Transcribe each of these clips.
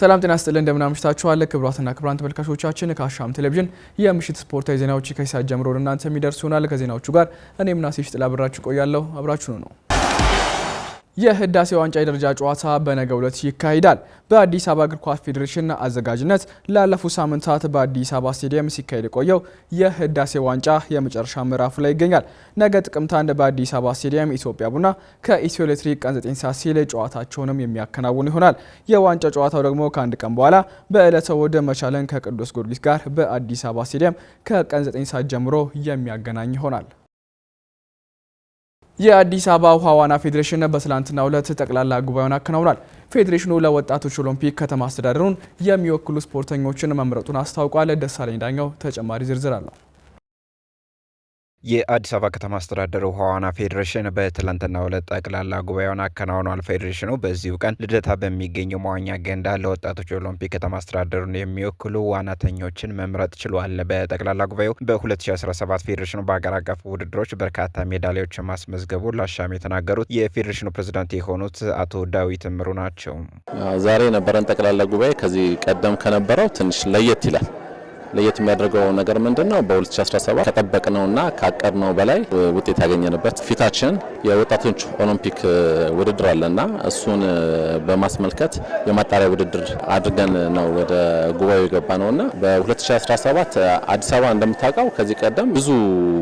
ሰላም ጤና ስጥልን እንደምናምሽታችኋል። ክቡራትና ክቡራን ተመልካቾቻችን ከአሻም ቴሌቪዥን የምሽት ስፖርታዊ ዜናዎች ከሲሳት ጀምሮ እናንተ የሚደርሱናል። ከዜናዎቹ ጋር እኔ ምናሴ ሽጥላ አብራችሁ ቆያለሁ። አብራችሁ ነው የህዳሴ ዋንጫ የደረጃ ጨዋታ በነገ ዕለት ይካሄዳል። በአዲስ አበባ እግር ኳስ ፌዴሬሽን አዘጋጅነት ላለፉት ሳምንታት በአዲስ አበባ ስቴዲየም ሲካሄድ የቆየው የህዳሴ ዋንጫ የመጨረሻ ምዕራፍ ላይ ይገኛል። ነገ ጥቅምት አንድ በአዲስ አበባ ስቴዲየም ኢትዮጵያ ቡና ከኢትዮ ኤሌክትሪክ ቀን 9 ሰዓት ሲል ጨዋታቸውንም የሚያከናውኑ ይሆናል። የዋንጫ ጨዋታው ደግሞ ከአንድ ቀን በኋላ በዕለተ እሑድ መቻልን ከቅዱስ ጊዮርጊስ ጋር በአዲስ አበባ ስቴዲየም ከቀን 9 ሰዓት ጀምሮ የሚያገናኝ ይሆናል። የአዲስ አበባ ውሃ ዋና ፌዴሬሽን በትላንትናው ዕለት ጠቅላላ ጉባኤውን አከናውኗል። ፌዴሬሽኑ ለወጣቶች ኦሎምፒክ ከተማ አስተዳደሩን የሚወክሉ ስፖርተኞችን መምረጡን አስታውቋል። ደሳለኝ ዳኛው ተጨማሪ ዝርዝር አለው። የአዲስ አበባ ከተማ አስተዳደር ውሃ ዋና ፌዴሬሽን በትላንትናው ዕለት ጠቅላላ ጉባኤውን አከናውኗል። ፌዴሬሽኑ በዚሁ ቀን ልደታ በሚገኘው መዋኛ ገንዳ ለወጣቶች ኦሎምፒክ ከተማ አስተዳደሩን የሚወክሉ ዋናተኞችን መምረጥ ችሏል። በጠቅላላ ጉባኤው በ2017 ፌዴሬሽኑ በአገር አቀፍ ውድድሮች በርካታ ሜዳሊያዎችን ማስመዝገቡ ላሻም የተናገሩት የፌዴሬሽኑ ፕሬዝዳንት የሆኑት አቶ ዳዊት እምሩ ናቸው። ዛሬ የነበረን ጠቅላላ ጉባኤ ከዚህ ቀደም ከነበረው ትንሽ ለየት ይላል። ለየት የሚያደርገው ነገር ምንድን ነው? በ2017 ከጠበቅነውና ካቀድነው በላይ ውጤት ያገኘንበት ፊታችን የወጣቶች ኦሎምፒክ ውድድር አለና እሱን በማስመልከት የማጣሪያ ውድድር አድርገን ነው ወደ ጉባኤው የገባ ነውና በ2017 አዲስ አበባ እንደምታውቀው ከዚህ ቀደም ብዙ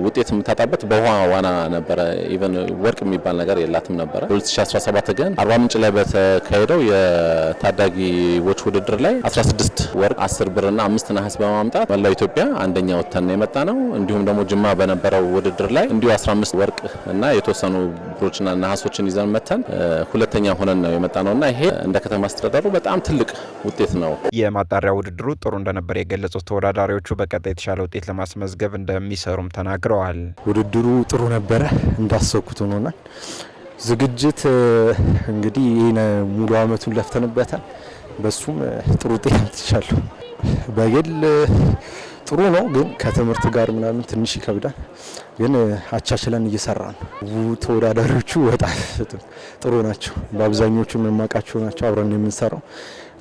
ውጤት የምታጣበት በውሃ ዋና ነበረ። ኢቨን ወርቅ የሚባል ነገር የላትም ነበረ። በ2017 ግን አርባ ምንጭ ላይ በተካሄደው የታዳጊዎች ውድድር ላይ 16 ወርቅ 10 ብርና አምስት ነሐስ በማምጣት በመምጣት መላው ኢትዮጵያ አንደኛ ወተን ነው የመጣ ነው። እንዲሁም ደግሞ ጅማ በነበረው ውድድር ላይ እንዲሁ 15 ወርቅ እና የተወሰኑ ብሮችና ነሐሶችን ይዘን መተን ሁለተኛ ሆነን ነው የመጣ ነው እና ይሄ እንደ ከተማ አስተዳደሩ በጣም ትልቅ ውጤት ነው። የማጣሪያ ውድድሩ ጥሩ እንደነበር የገለጹት ተወዳዳሪዎቹ በቀጣይ የተሻለ ውጤት ለማስመዝገብ እንደሚሰሩም ተናግረዋል። ውድድሩ ጥሩ ነበረ እንዳሰብኩት ሆኖናል። ዝግጅት እንግዲህ ይህ ሙሉ አመቱን ለፍተንበታል። በሱም ጥሩ ውጤት አምጥቻለሁ። በግል ጥሩ ነው፣ ግን ከትምህርት ጋር ምናምን ትንሽ ይከብዳል። ግን አቻችለን እየሰራ ነው። ተወዳዳሪዎቹ ወጣት ጥሩ ናቸው። በአብዛኞቹ የምንማቃቸው ናቸው። አብረን የምንሰራው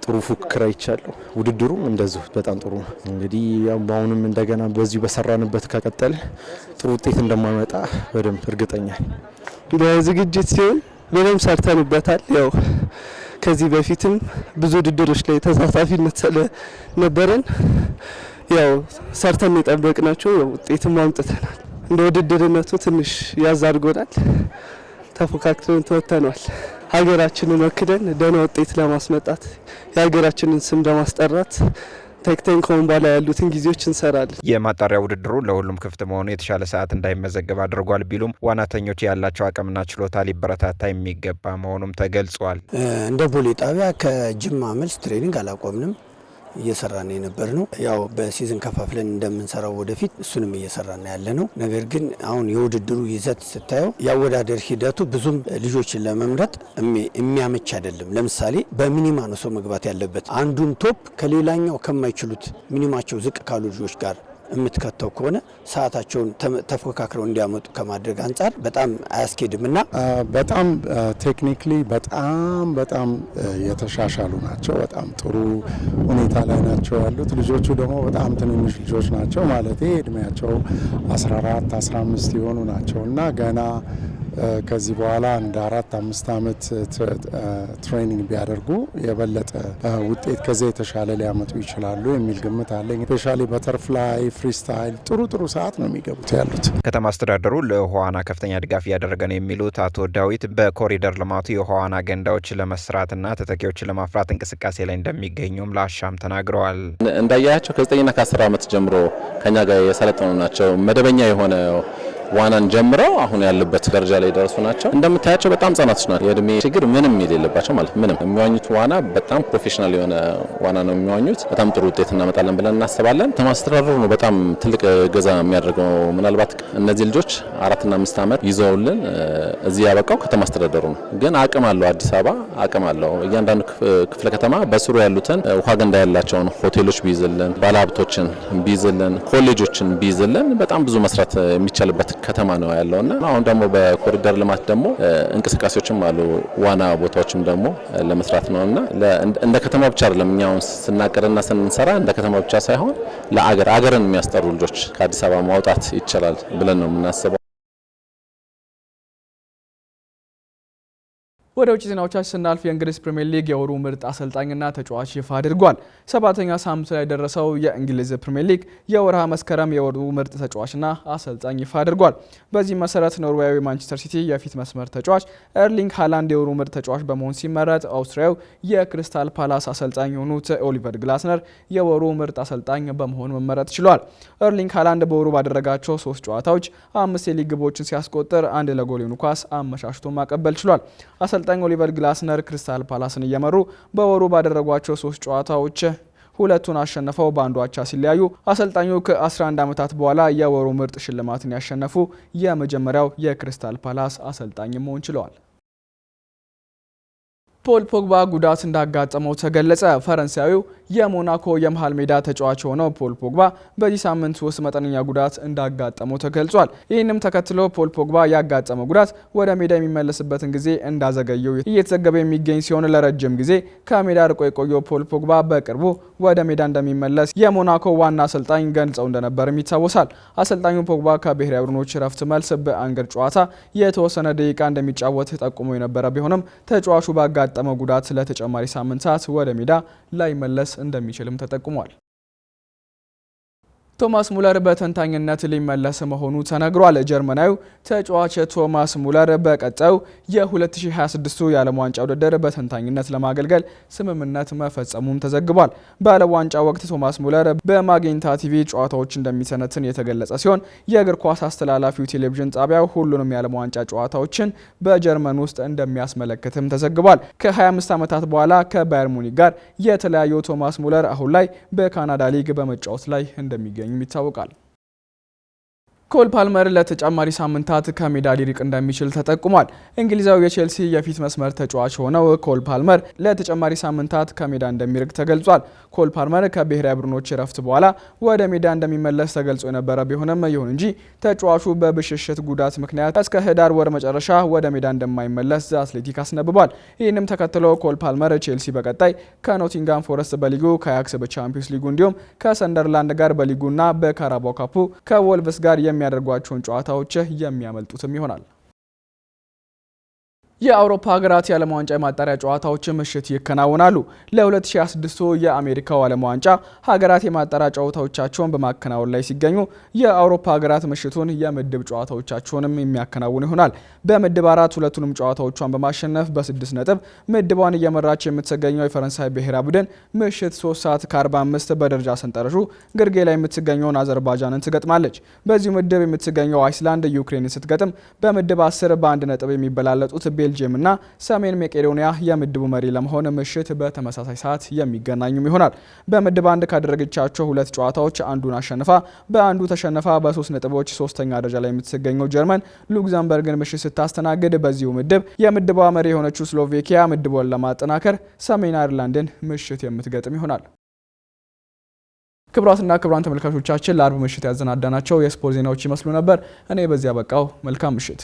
ጥሩ ፉክክር አይቻለሁ። ውድድሩም እንደዚሁ በጣም ጥሩ ነው። እንግዲህ በአሁኑም እንደገና በዚሁ በሰራንበት ከቀጠል ጥሩ ውጤት እንደማመጣ በደንብ እርግጠኛል። ነኝ። ለዝግጅት ሲሆን ምንም ሰርተንበታል ያው ከዚህ በፊትም ብዙ ውድድሮች ላይ ተሳታፊነት ስለነበረን ያው ሰርተን የጠበቅናቸው ውጤትም አምጥተናል። እንደ ውድድርነቱ ትንሽ ያዝ አድርጎናል። ተፎካክረን ተወተኗል። ሀገራችንን ወክለን ደህና ውጤት ለማስመጣት የሀገራችንን ስም ለማስጠራት ቴክቴን ከሆን በኋላ ያሉትን ጊዜዎች እንሰራለን። የማጣሪያ ውድድሩ ለሁሉም ክፍት መሆኑ የተሻለ ሰዓት እንዳይመዘገብ አድርጓል ቢሉም ዋናተኞች ያላቸው አቅምና ችሎታ ሊበረታታ የሚገባ መሆኑም ተገልጿል። እንደ ቦሌ ጣቢያ ከጅማ መልስ ትሬኒንግ አላቆምንም። እየሰራን የነበር ነው። ያው በሲዝን ከፋፍለን እንደምንሰራው ወደፊት እሱንም እየሰራን ያለ ነው። ነገር ግን አሁን የውድድሩ ይዘት ስታየው የአወዳደር ሂደቱ ብዙም ልጆችን ለመምረጥ የሚያመች አይደለም። ለምሳሌ በሚኒማ ነው ሰው መግባት ያለበት። አንዱን ቶፕ ከሌላኛው ከማይችሉት ሚኒማቸው ዝቅ ካሉ ልጆች ጋር የምትከተው ከሆነ ሰዓታቸውን ተፎካክረው እንዲያመጡ ከማድረግ አንጻር በጣም አያስኬድም እና በጣም ቴክኒክሊ በጣም በጣም የተሻሻሉ ናቸው። በጣም ጥሩ ሁኔታ ላይ ናቸው ያሉት። ልጆቹ ደግሞ በጣም ትንንሽ ልጆች ናቸው ማለት እድሜያቸው 14 15 የሆኑ ናቸው እና ገና ከዚህ በኋላ እንደ አራት አምስት ዓመት ትሬኒንግ ቢያደርጉ የበለጠ ውጤት ከዚያ የተሻለ ሊያመጡ ይችላሉ የሚል ግምት አለኝ። ስፔሻሊ በተርፍላይ ፍሪስታይል ጥሩ ጥሩ ሰዓት ነው የሚገቡት ያሉት። ከተማ አስተዳደሩ ለውሃዋና ከፍተኛ ድጋፍ እያደረገ ነው የሚሉት አቶ ዳዊት በኮሪደር ልማቱ የውሃዋና ገንዳዎች ለመስራትና ተተኪዎችን ለማፍራት እንቅስቃሴ ላይ እንደሚገኙም ለአሻም ተናግረዋል። እንዳያያቸው ከዘጠኝና ከአስር ዓመት ጀምሮ ከኛ ጋር የሰለጠኑ ናቸው መደበኛ የሆነ ዋናን ጀምረው አሁን ያሉበት ደረጃ ላይ የደረሱ ናቸው። እንደምታያቸው በጣም ህጻናቶች ናቸው። የእድሜ ችግር ምንም የሌለባቸው ማለት ምንም የሚዋኙት ዋና በጣም ፕሮፌሽናል የሆነ ዋና ነው የሚዋኙት። በጣም ጥሩ ውጤት እናመጣለን ብለን እናስባለን። ተማስተዳደሩ ነው በጣም ትልቅ ገዛ የሚያደርገው። ምናልባት እነዚህ ልጆች አራትና አምስት ዓመት ይዘውልን እዚህ ያበቃው ከተማስተዳደሩ ነው። ግን አቅም አለው፣ አዲስ አበባ አቅም አለው። እያንዳንዱ ክፍለ ከተማ በስሩ ያሉትን ውሃ ገንዳ ያላቸውን ሆቴሎች ቢይዝልን፣ ባለሀብቶችን ቢይዝልን፣ ኮሌጆችን ቢይዝልን በጣም ብዙ መስራት የሚቻልበት ከተማ ነው ያለው እና አሁን ደግሞ በኮሪደር ልማት ደግሞ እንቅስቃሴዎችም አሉ ዋና ቦታዎችም ደግሞ ለመስራት ነው እና እንደ ከተማ ብቻ አይደለም እኛ አሁን ስናቅድና ስንሰራ እንደ ከተማ ብቻ ሳይሆን ለአገር አገርን የሚያስጠሩ ልጆች ከአዲስ አበባ ማውጣት ይቻላል ብለን ነው የምናስበው። ወደ ውጭ ዜናዎቻችን ስናልፍ የእንግሊዝ ፕሪምየር ሊግ የወሩ ምርጥ አሰልጣኝና ተጫዋች ይፋ አድርጓል። ሰባተኛ ሳምንት ላይ የደረሰው የእንግሊዝ ፕሪምየር ሊግ የወርሃ መስከረም የወሩ ምርጥ ተጫዋችና አሰልጣኝ ይፋ አድርጓል። በዚህ መሰረት ኖርዌያዊ ማንቸስተር ሲቲ የፊት መስመር ተጫዋች ኤርሊንግ ሃላንድ የወሩ ምርጥ ተጫዋች በመሆን ሲመረጥ፣ አውስትሪያው የክሪስታል ፓላስ አሰልጣኝ የሆኑት ኦሊቨር ግላስነር የወሩ ምርጥ አሰልጣኝ በመሆን መመረጥ ችሏል። ኤርሊንግ ሃላንድ በወሩ ባደረጋቸው ሶስት ጨዋታዎች አምስት የሊግ ግቦችን ሲያስቆጥር አንድ ለጎል የሆኑ ኳስ አመሻሽቶ ማቀበል ችሏል። አሰልጣኝ ኦሊቨር ግላስነር ክሪስታል ፓላስን እየመሩ በወሩ ባደረጓቸው ሶስት ጨዋታዎች ሁለቱን አሸንፈው በአንዱ አቻ ሲለያዩ አሰልጣኙ ከ11 ዓመታት በኋላ የወሩ ምርጥ ሽልማትን ያሸነፉ የመጀመሪያው የክሪስታል ፓላስ አሰልጣኝ መሆን ችለዋል። ፖል ፖግባ ጉዳት እንዳጋጠመው ተገለጸ። ፈረንሳዊው የሞናኮ የመሃል ሜዳ ተጫዋች የሆነው ፖል ፖግባ በዚህ ሳምንት ውስጥ መጠነኛ ጉዳት እንዳጋጠመው ተገልጿል። ይህንም ተከትሎ ፖል ፖግባ ያጋጠመው ጉዳት ወደ ሜዳ የሚመለስበትን ጊዜ እንዳዘገየው እየተዘገበ የሚገኝ ሲሆን ለረጅም ጊዜ ከሜዳ ርቆ የቆየው ፖል ፖግባ በቅርቡ ወደ ሜዳ እንደሚመለስ የሞናኮ ዋና አሰልጣኝ ገልጸው እንደነበርም ይታወሳል። አሰልጣኙ ፖግባ ከብሔራዊ ቡድኖች ረፍት መልስ በአንገር ጨዋታ የተወሰነ ደቂቃ እንደሚጫወት ጠቁሞ የነበረ ቢሆንም ተጫዋቹ ባጋጠመው ጉዳት ለተጨማሪ ሳምንታት ወደ ሜዳ ላይመለስ እንደሚችልም ተጠቁሟል። ቶማስ ሙለር በተንታኝነት ሊመለስ መሆኑ ተነግሯል። ጀርመናዊ ተጫዋች ቶማስ ሙለር በቀጣዩ የ2026 የዓለም ዋንጫ ውድድር በተንታኝነት ለማገልገል ስምምነት መፈጸሙም ተዘግቧል። በዓለም ዋንጫ ወቅት ቶማስ ሙለር በማግኝታ ቲቪ ጨዋታዎች እንደሚሰነትን የተገለጸ ሲሆን የእግር ኳስ አስተላላፊው ቴሌቪዥን ጣቢያ ሁሉንም የዓለም ዋንጫ ጨዋታዎችን በጀርመን ውስጥ እንደሚያስመለክትም ተዘግቧል። ከ25 ዓመታት በኋላ ከባየር ሙኒክ ጋር የተለያዩ ቶማስ ሙለር አሁን ላይ በካናዳ ሊግ በመጫወት ላይ እንደሚገኝ እንደሚገኝም ይታወቃል። ኮል ፓልመር ለተጨማሪ ሳምንታት ከሜዳ ሊርቅ እንደሚችል ተጠቁሟል። እንግሊዛዊ የቼልሲ የፊት መስመር ተጫዋች ሆነው ኮል ፓልመር ለተጨማሪ ሳምንታት ከሜዳ እንደሚርቅ ተገልጿል። ኮል ፓልመር ከብሔራዊ ቡድኖች እረፍት በኋላ ወደ ሜዳ እንደሚመለስ ተገልጾ የነበረ ቢሆንም ይሁን እንጂ ተጫዋቹ በብሽሽት ጉዳት ምክንያት እስከ ህዳር ወር መጨረሻ ወደ ሜዳ እንደማይመለስ ዘ አትሌቲክ አስነብቧል። ይህንም ተከትሎ ኮል ፓልመር ቼልሲ በቀጣይ ከኖቲንጋም ፎረስት በሊጉ ከአያክስ በቻምፒዮንስ ሊጉ እንዲሁም ከሰንደርላንድ ጋር በሊጉና በካራባው ካፑ ከወልቭስ ጋር የሚ የሚያደርጓቸውን ጨዋታዎች የሚያመልጡትም ይሆናል። የአውሮፓ ሀገራት የዓለም ዋንጫ የማጣሪያ ጨዋታዎች ምሽት ይከናወናሉ። ለ2026 የአሜሪካው ዓለም ዋንጫ ሀገራት የማጣሪያ ጨዋታዎቻቸውን በማከናወን ላይ ሲገኙ የአውሮፓ ሀገራት ምሽቱን የምድብ ጨዋታዎቻቸውንም የሚያከናውኑ ይሆናል። በምድብ አራት ሁለቱንም ጨዋታዎቿን በማሸነፍ በስድስት ነጥብ ምድቧን እየመራች የምትገኘው የፈረንሳይ ብሔራዊ ቡድን ምሽት 3 ሰዓት ከ45 በደረጃ ሰንጠረሹ ግርጌ ላይ የምትገኘውን አዘርባጃንን ትገጥማለች። በዚሁ ምድብ የምትገኘው አይስላንድ ዩክሬንን ስትገጥም በምድብ 10 በአንድ ነጥብ የሚበላለጡት ቤልጅየም እና ሰሜን መቄዶኒያ የምድቡ መሪ ለመሆን ምሽት በተመሳሳይ ሰዓት የሚገናኙም ይሆናል። በምድብ አንድ ካደረገቻቸው ሁለት ጨዋታዎች አንዱን አሸንፋ በአንዱ ተሸንፋ በሶስት ነጥቦች ሶስተኛ ደረጃ ላይ የምትገኘው ጀርመን ሉክዘምበርግን ምሽት ስታስተናግድ፣ በዚሁ ምድብ የምድቧ መሪ የሆነችው ስሎቬኪያ ምድቧን ለማጠናከር ሰሜን አይርላንድን ምሽት የምትገጥም ይሆናል። ክቡራትና ክብራን ተመልካቾቻችን ለአርብ ምሽት ያዘናዳናቸው የስፖርት ዜናዎች ይመስሉ ነበር። እኔ በዚያ በቃው። መልካም ምሽት